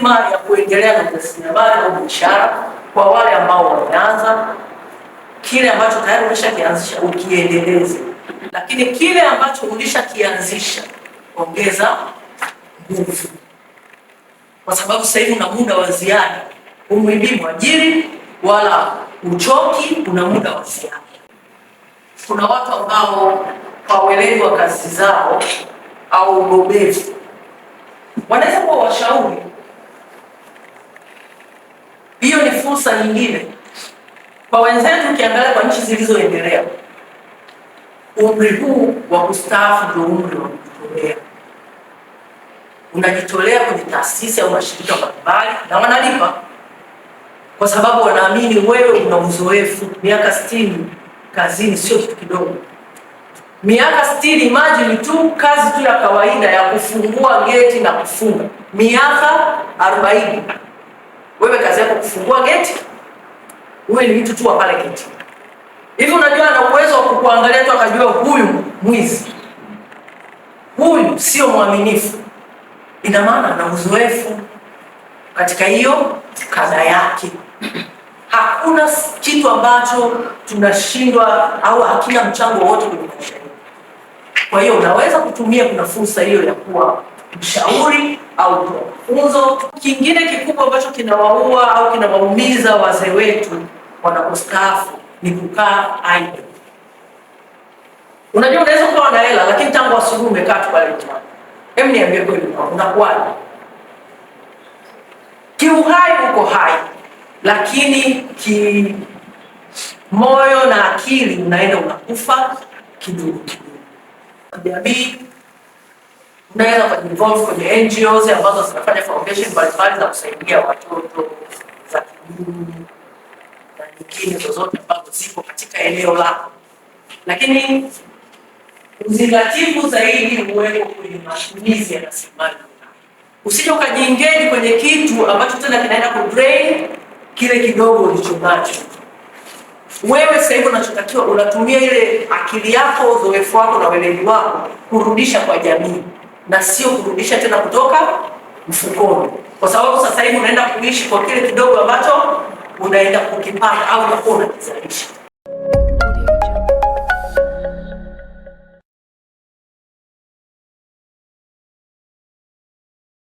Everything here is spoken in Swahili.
hima ya kuendelea na ujasiriamali au biashara kwa wale ambao wameanza, kile ambacho tayari umeshakianzisha ukiendeleze, lakini kile ambacho ulishakianzisha ongeza nguvu, kwa sababu sasa hivi una muda wa ziada, umwibii mwajiri wala uchoki, una muda wa ziada. Kuna watu ambao kwa weledi wa kazi zao au ubobezi wanaweza kuwa washauri hiyo ni fursa nyingine kwa wenzetu. Ukiangalia kwa nchi zilizoendelea, umri huu wa kustaafu ndio umri wa kujitolea. Unajitolea kwenye taasisi au mashirika mbalimbali na wanalipa, kwa sababu wanaamini wewe una uzoefu. Miaka sitini kazini sio kitu kidogo. Miaka sitini, imagine tu kazi tu ya kawaida ya kufungua geti na kufunga, miaka arobaini kufungua geti, huyu ni mtu tu wa pale geti. Hivi unajua ana uwezo wa kukuangalia tu akajua huyu mwizi, huyu sio mwaminifu. Ina maana ana uzoefu katika hiyo kada yake. Hakuna kitu ambacho tunashindwa au hakina mchango wowote kwenye maisha. Kwa hiyo unaweza kutumia kuna fursa hiyo ya kuwa mshauri au funzo kingine kikubwa ambacho kinawaua au kinawaumiza wazee wetu wanapostaafu ni kukaa idle. Unajua, unaweza kuwa na hela lakini tangu asubuhi umekaa tu pale jana. Hem, niambie kweli, unakuwaje? Kiuhai uko hai, lakini ki moyo na akili unaenda unakufa kidogo kidogo. Jamii Unaweza kwenye NGOs ambazo zinafanya foundation mbalimbali za kusaidia watoto za kidini na nyingine zozote ambazo katika eneo lako, lakini uzingatifu zaidi uweko kwenye matumizi ya rasilimali. Usije kwenye kitu ambacho tena kinaenda kudrain kile kidogo ulichonacho wewe. Sasa hivi unachotakiwa unatumia ile akili yako, uzoefu wako na weledi wako kurudisha kwa jamii na sio kurudisha tena kutoka mfukoni, kwa sababu sasa hivi unaenda kuishi kwa kile kidogo ambacho unaenda kukipata au unakuwa unakizalisha.